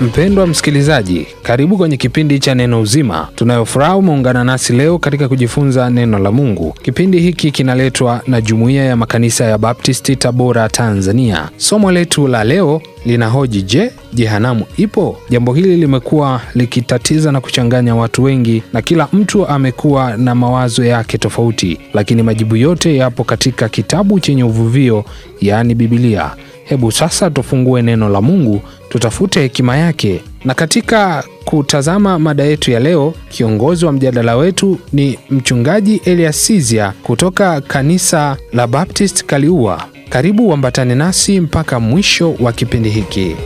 Mpendwa msikilizaji, karibu kwenye kipindi cha Neno Uzima. Tunayofuraha umeungana nasi leo katika kujifunza neno la Mungu. Kipindi hiki kinaletwa na Jumuiya ya Makanisa ya Baptisti Tabora, Tanzania. Somo letu la leo linahoji je, jehanamu ipo? Jambo hili limekuwa likitatiza na kuchanganya watu wengi, na kila mtu amekuwa na mawazo yake tofauti, lakini majibu yote yapo katika kitabu chenye uvuvio, yaani Bibilia. Hebu sasa tufungue neno la Mungu tutafute hekima yake. Na katika kutazama mada yetu ya leo, kiongozi wa mjadala wetu ni Mchungaji Elias Sizia kutoka kanisa la Baptist Kaliua. Karibu uambatane nasi mpaka mwisho wa kipindi hiki.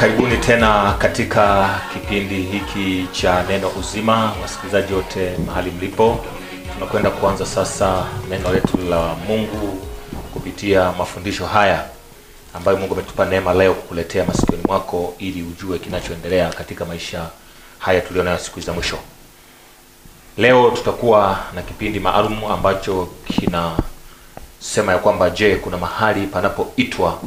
Karibuni tena katika kipindi hiki cha Neno Uzima, wasikilizaji wote mahali mlipo. Tunakwenda kuanza sasa neno letu la Mungu kupitia mafundisho haya ambayo Mungu ametupa neema leo kukuletea masikioni mwako ili ujue kinachoendelea katika maisha haya tulionayo siku za mwisho. Leo tutakuwa na kipindi maalum ambacho kinasema ya kwamba je, kuna mahali panapoitwa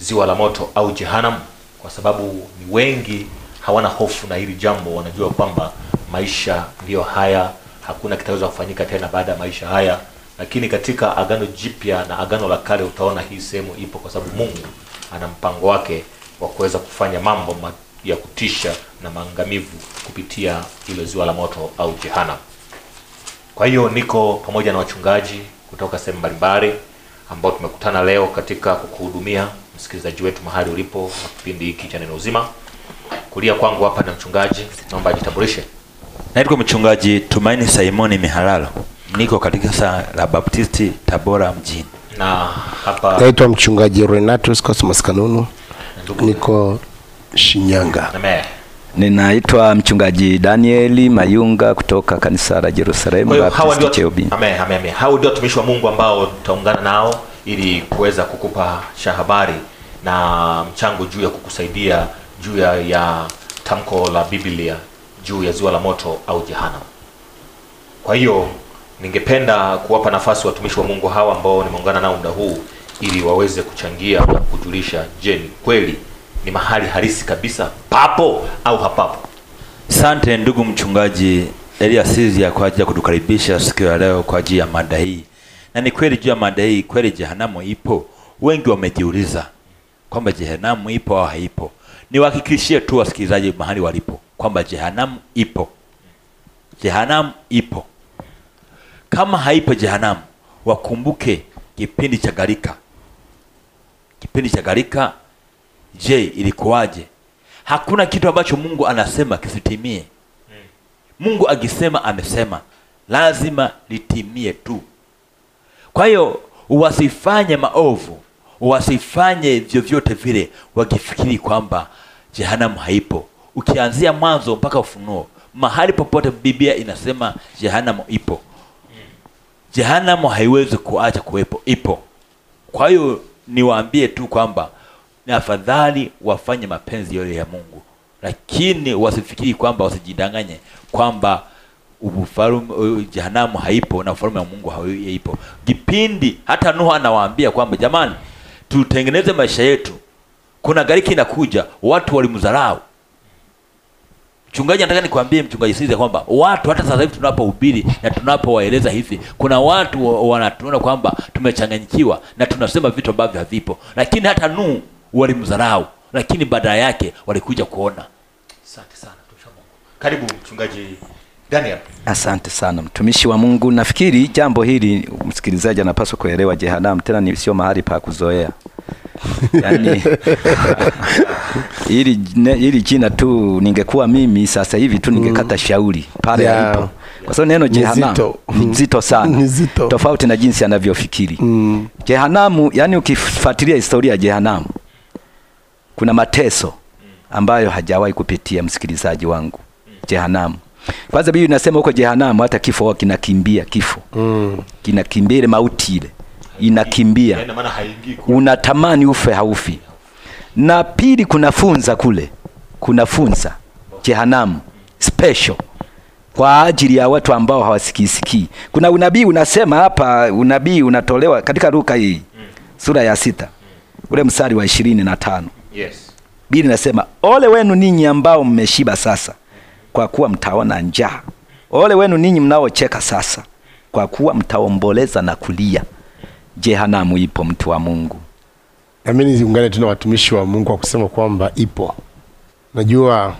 ziwa la moto au jehanamu? Kwa sababu ni wengi hawana hofu na hili jambo, wanajua kwamba maisha ndiyo haya hakuna kitaweza kufanyika tena baada ya maisha haya. Lakini katika Agano Jipya na Agano la Kale utaona hii sehemu ipo, kwa sababu Mungu ana mpango wake wa kuweza kufanya mambo ya kutisha na maangamivu kupitia hilo ziwa la moto au jehanamu. Kwa hiyo niko pamoja na wachungaji kutoka sehemu mbalimbali ambao tumekutana leo katika kukuhudumia msikilizaji wetu mahali ulipo, na kipindi hiki cha neno uzima. Kulia kwangu hapa na mchungaji, naomba ajitambulishe. Naitwa mchungaji Tumaini Simoni Mihalalo, niko katika kanisa la Baptisti Tabora mjini. Na hapa naitwa mchungaji Renatus Cosmas Kanunu, niko Shinyanga. Amen. Ninaitwa mchungaji Danieli Mayunga kutoka kanisa la Jerusalemu Baptisti Cheobi. Amen, amen, amen. Hao ndio watumishi wa Mungu ambao tutaungana nao ili kuweza kukupa shahabari na mchango juu ya kukusaidia juu ya tamko la Biblia juu ya ziwa la moto au jehanamu. Kwa hiyo ningependa kuwapa nafasi watumishi wa Mungu hawa ambao nimeungana nao muda huu ili waweze kuchangia na kujulisha, je, ni kweli ni mahali halisi kabisa papo au hapapo? Asante ndugu mchungaji Elia Sizia kwa ajili ya kutukaribisha siku ya leo kwa ajili ya mada hii. Na ni kweli juu ya mada hii, kweli jehanamu ipo. Wengi wamejiuliza kwamba jehanamu ipo au haipo. Niwahakikishie tu wasikilizaji mahali walipo kwamba jehanamu ipo, jehanamu ipo. Kama haipo jehanamu, wakumbuke kipindi cha gharika. Kipindi cha gharika, je, ilikuwaje? Hakuna kitu ambacho Mungu anasema kisitimie. Mungu akisema amesema, lazima litimie tu. Kwa hiyo wasifanye maovu, wasifanye vyovyote vile wakifikiri kwamba jehanamu haipo ukianzia mwanzo mpaka ufunuo mahali popote biblia inasema jehanamu ipo jehanamu haiwezi kuacha kuwepo ipo kwa hiyo niwaambie tu kwamba ni afadhali wafanye mapenzi yale ya mungu lakini wasifikiri kwamba wasijidanganye kwamba ufalume jehanamu haipo na ufalume wa mungu haipo kipindi hata nuhu anawaambia kwamba jamani tutengeneze maisha yetu kuna gariki inakuja watu walimdharau Mchungaji, nataka nikwambie mchungaji sisi kwamba watu hata sasa hivi tunapohubiri na tunapowaeleza hivi, kuna watu wanatuona kwamba tumechanganyikiwa na tunasema vitu ambavyo havipo, lakini hata Nuhu walimdharau, lakini baada yake walikuja kuona. Asante sana, karibu mchungaji Daniel. Asante sana mtumishi wa Mungu. Nafikiri jambo hili msikilizaji anapaswa kuelewa, jehanamu tena ni sio mahali pa kuzoea. yani, ili, jina tu ningekuwa mimi sasa hivi tu ningekata mm. shauri pale yeah. alipo kwa sababu neno jehanamu ni mm. zito sana Nizito. tofauti na jinsi anavyofikiri mm. jehanamu yani ukifuatilia historia ya jehanamu kuna mateso ambayo hajawahi kupitia msikilizaji wangu jehanamu kwanza bibi inasema huko jehanamu hata kifo kinakimbia kifo mm. kinakimbia ile mauti ile inakimbia, yaani unatamani ufe, haufi. Na pili, kuna funza kule, kuna funza jehanamu special kwa ajili ya watu ambao hawasikisikii. Kuna unabii unasema hapa, unabii unatolewa katika Luka hii sura ya sita ule mstari wa ishirini na tano yes. Biblia inasema ole wenu ninyi ambao mmeshiba sasa, kwa kuwa mtaona njaa. Ole wenu ninyi mnaocheka sasa, kwa kuwa mtaomboleza na kulia jehanamu ipo, mtu wa Mungu. Nami niungane tuna watumishi wa Mungu wa kusema kwamba ipo. Najua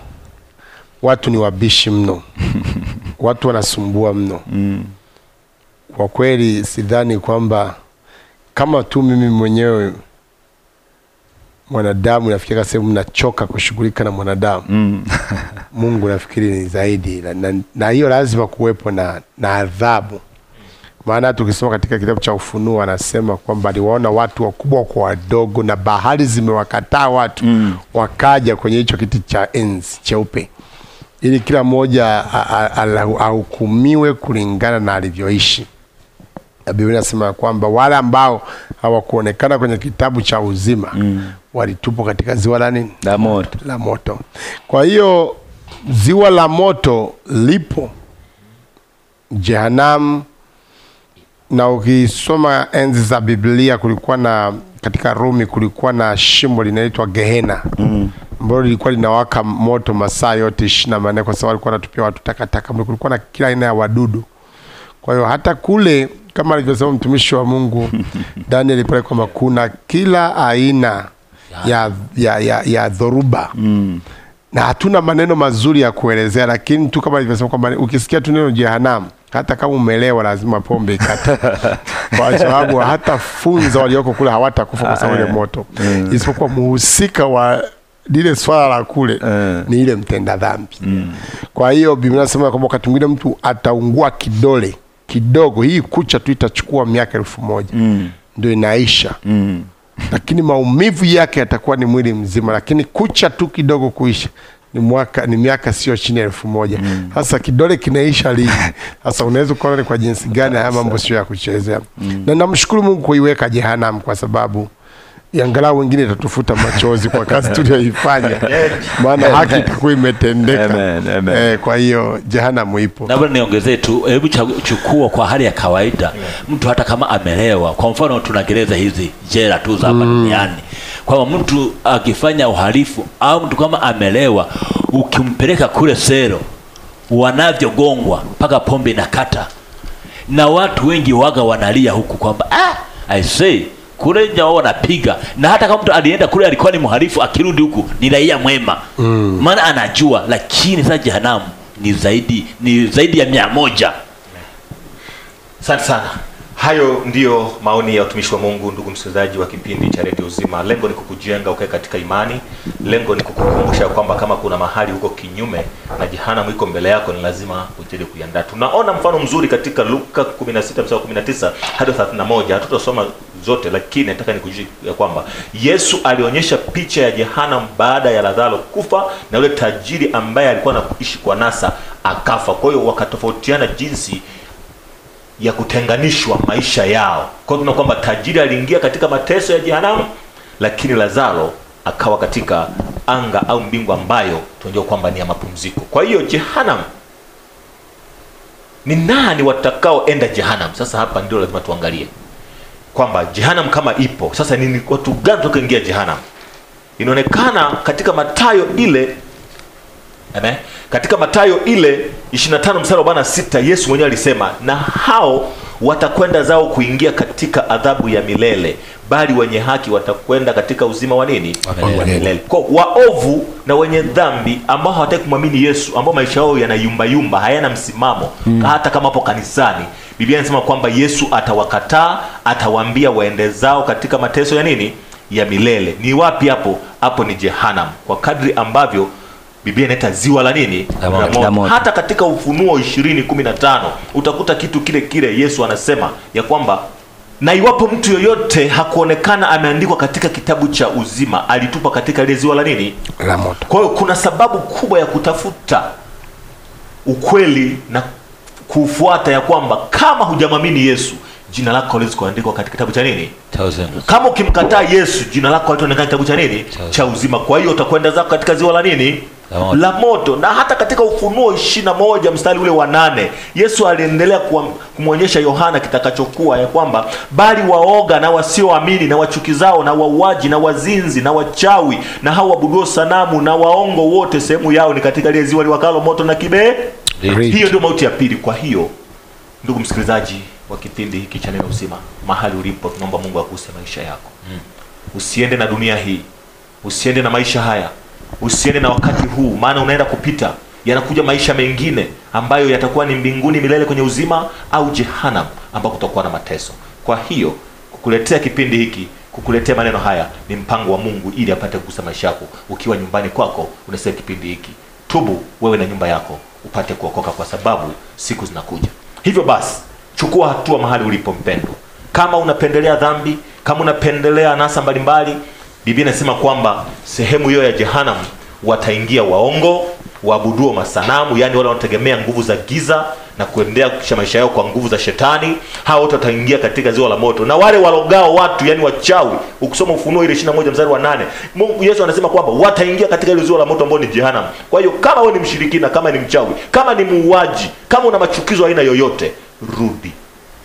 watu ni wabishi mno watu wanasumbua mno mm. Kwa kweli sidhani kwamba kama tu mimi mwenyewe mwanadamu nafikiria sehemu nachoka kushughulika na mwanadamu mm. Mungu nafikiri ni zaidi na hiyo lazima kuwepo na, na adhabu maana tukisoma katika kitabu cha Ufunuo anasema kwamba aliwaona watu wakubwa kwa wadogo, na bahari zimewakataa watu mm. wakaja kwenye hicho kiti cha enzi cheupe, ili kila mmoja ahukumiwe kulingana na alivyoishi. Na Biblia inasema kwamba wale ambao hawakuonekana kwenye kitabu cha uzima mm. walitupwa katika ziwa la nini? La moto. La moto. Kwa hiyo ziwa la moto lipo, jehanamu na ukisoma enzi za Biblia kulikuwa na katika Rumi kulikuwa na shimo linaitwa Gehena mm. lilikuwa linawaka moto masaa yote ishirini na manne kwa sababu alikuwa natupia watu takataka. Kulikuwa na kila aina ya wadudu. Kwa hiyo hata kule kama alivyosema mtumishi wa Mungu Daniel pale kwamba kuna kila aina ya, ya, ya, ya, ya dhoruba mm na hatuna maneno mazuri ya kuelezea, lakini tu kama alivyosema kwamba ukisikia tu neno jehanamu, hata kama umelewa, lazima pombe ikate kwa sababu hata funza walioko kule hawatakufa kwa sababu ya eh. moto, mm. isipokuwa muhusika wa lile swala la kule mm. ni ile mtenda dhambi mm. Kwa hiyo Biblia inasema kwamba wakati mwingine mtu ataungua kidole kidogo, hii kucha tu itachukua miaka elfu moja mm. ndio inaisha mm lakini maumivu yake yatakuwa ni mwili mzima, lakini kucha tu kidogo kuisha ni mwaka ni miaka sio chini ya elfu moja hasa mm. Kidole kinaisha lini? Sasa unaweza kuona ni kwa jinsi gani haya mambo sio ya kuchezea mm. Na namshukuru Mungu kuiweka jehanamu kwa sababu angalau wengine itatufuta machozi kwa kazi tuliyoifanya, maana haki itakuwa imetendeka. Amen, amen. Eh, kwa hiyo jehanamu ipo. Na bwana niongezee tu, hebu chukua kwa hali ya kawaida mtu hata kama amelewa. Kwa mfano tuna gereza hizi jela tu za hapa mm. duniani kwamba mtu akifanya uhalifu au mtu kama amelewa, ukimpeleka kule sero, wanavyogongwa mpaka pombe inakata, na watu wengi waga wanalia huku kwamba ah, I say kule nje wao wanapiga, na hata kama mtu alienda kule alikuwa ni mhalifu, akirudi huku ni raia mwema, mm. maana mm. anajua. Lakini sasa jehanamu ni zaidi, ni zaidi ya mia moja. Asante sana. Hayo ndiyo maoni ya watumishi wa Mungu, ndugu msikilizaji wa kipindi cha Radio Uzima. Lengo ni kukujenga ukae katika imani, lengo ni kukukumbusha kwamba kama kuna mahali huko kinyume na jehanamu iko mbele yako, ni lazima ujede kuiandaa. Tunaona mfano mzuri katika Luka 16 mstari 19 hadi 31, hatutasoma zote, lakini nataka nikujie ya kwamba Yesu alionyesha picha ya jehanamu baada ya Lazaro kufa na yule tajiri ambaye alikuwa anaishi kwa nasa akafa. Kwa hiyo wakatofautiana jinsi ya kutenganishwa maisha yao. Kwa hiyo kwamba tajiri aliingia katika mateso ya jehanamu, lakini Lazaro akawa katika anga au mbingu ambayo tunajua kwamba ni ya mapumziko. Kwa hiyo jehanamu ni nani watakaoenda jehanamu? Sasa hapa ndio lazima tuangalie kwamba jehanamu kama ipo sasa, ni watu gani ingia jehanamu? Inaonekana katika matayo ile Amen. Katika matayo ile 25 mstari wa 6 Yesu mwenyewe alisema na hao watakwenda zao kuingia katika adhabu ya milele, bali wenye haki watakwenda katika uzima wa nini? Wa milele. Kwa waovu na wenye dhambi ambao hawataki kumwamini Yesu, ambao maisha yao yanayumbayumba, hayana msimamo mm. hata kama hapo kanisani Biblia inasema kwamba Yesu atawakataa, atawaambia waende zao katika mateso ya nini? Ya milele. Ni wapi hapo? Hapo ni jehanamu, kwa kadri ambavyo Biblia inaita ziwa la nini? La moto. Hata katika Ufunuo 20:15 utakuta kitu kile kile. Yesu anasema ya kwamba na iwapo mtu yoyote hakuonekana ameandikwa katika kitabu cha uzima, alitupa katika ile ziwa la nini? La moto. Kwa hiyo kuna sababu kubwa ya kutafuta ukweli na kufuata ya kwamba kama hujamwamini Yesu jina lako haliwezi kuandikwa katika kitabu cha nini? Cha Kama ukimkataa Yesu jina lako halitaonekana kitabu cha nini? Cha uzima. Kwa hiyo utakwenda zako katika ziwa la nini? moto, la moto. Na hata katika Ufunuo ishirini na moja mstari ule wa nane Yesu aliendelea kumwonyesha Yohana kitakachokuwa ya kwamba bali waoga na wasioamini na wachukizao na wauaji na wazinzi na wachawi na hao wabuduo sanamu na waongo wote sehemu yao ni katika lile ziwa liwakalo moto na kibe. Hiyo ndio mauti ya pili. Kwa hiyo ndugu msikilizaji wa kipindi hiki cha Neno Uzima, mahali ulipo, tunaomba Mungu akuse maisha yako hmm. Usiende na dunia hii, usiende na maisha haya usiende na wakati huu, maana unaenda kupita. Yanakuja maisha mengine ambayo yatakuwa ni mbinguni milele kwenye uzima, au jehanamu ambako utakuwa na mateso. Kwa hiyo kukuletea kipindi hiki kukuletea maneno haya ni mpango wa Mungu ili apate kugusa maisha yako. Ukiwa nyumbani kwako, unasikia kipindi hiki, tubu wewe na nyumba yako upate kuokoka, kwa sababu siku zinakuja. Hivyo basi, chukua hatua mahali ulipo mpendwa. Kama unapendelea dhambi, kama unapendelea anasa mbalimbali, Biblia inasema kwamba sehemu hiyo ya jehanam wataingia waongo waabuduo masanamu, yaani wale wanategemea nguvu za giza na kuendea maisha yao kwa nguvu za shetani. Hao wote wataingia katika ziwa la moto, na wale walogao watu, yani wachawi. Ukisoma Ufunuo ile 21 mstari wa 8 Mungu Yesu anasema kwamba wataingia katika ile ziwa la moto ambao ni jehanam Kwa hiyo kama wewe ni mshirikina, kama ni mchawi, kama ni muuaji, kama una machukizo aina yoyote, rudi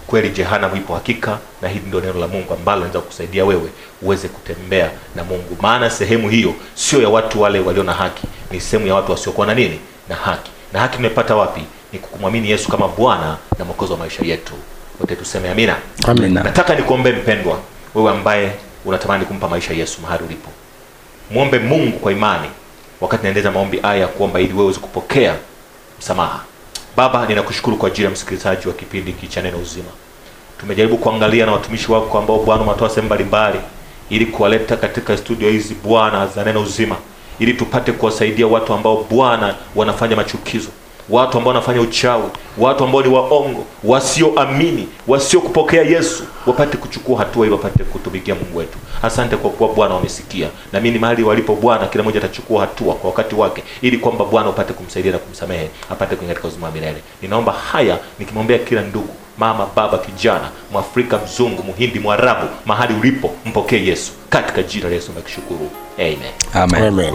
kweli jehanamu ipo hakika, na hili ndio neno la Mungu ambalo linaweza kukusaidia wewe uweze kutembea na Mungu, maana sehemu hiyo sio ya watu wale walio na haki, ni sehemu ya watu wasiokuwa na nini na haki. Na haki tumepata wapi? Ni kukumwamini Yesu kama Bwana na Mwokozi wa maisha yetu. Wote tuseme amina, amina. Nataka nikuombe mpendwa, wewe ambaye unatamani kumpa maisha Yesu mahali ulipo, muombe Mungu kwa imani. Wakati naendeza maombi haya ya kuomba, ili wewe uweze kupokea msamaha Baba, ninakushukuru kwa ajili ya msikilizaji wa kipindi hiki cha Neno Uzima. Tumejaribu kuangalia na watumishi wako ambao Bwana umetoa sehemu mbalimbali ili kuwaleta katika studio hizi Bwana za Neno Uzima, ili tupate kuwasaidia watu ambao Bwana wanafanya machukizo watu ambao wanafanya uchawi, watu ambao ni waongo, wasioamini, wasiokupokea Yesu wapate kuchukua hatua ili wapate kutumikia Mungu wetu. Asante kwa kuwa Bwana wamesikia, na mimi ni mahali walipo Bwana, kila mmoja atachukua hatua kwa wakati wake, ili kwamba Bwana upate kumsaidia na kumsamehe, apate kuingia katika uzima wa milele. Ninaomba haya nikimwombea kila ndugu, mama, baba, kijana, Mwafrika, mzungu, Mhindi, Mwarabu, mahali ulipo, mpokee Yesu katika jina la Yesu. Nakushukuru, amen, amen, amen.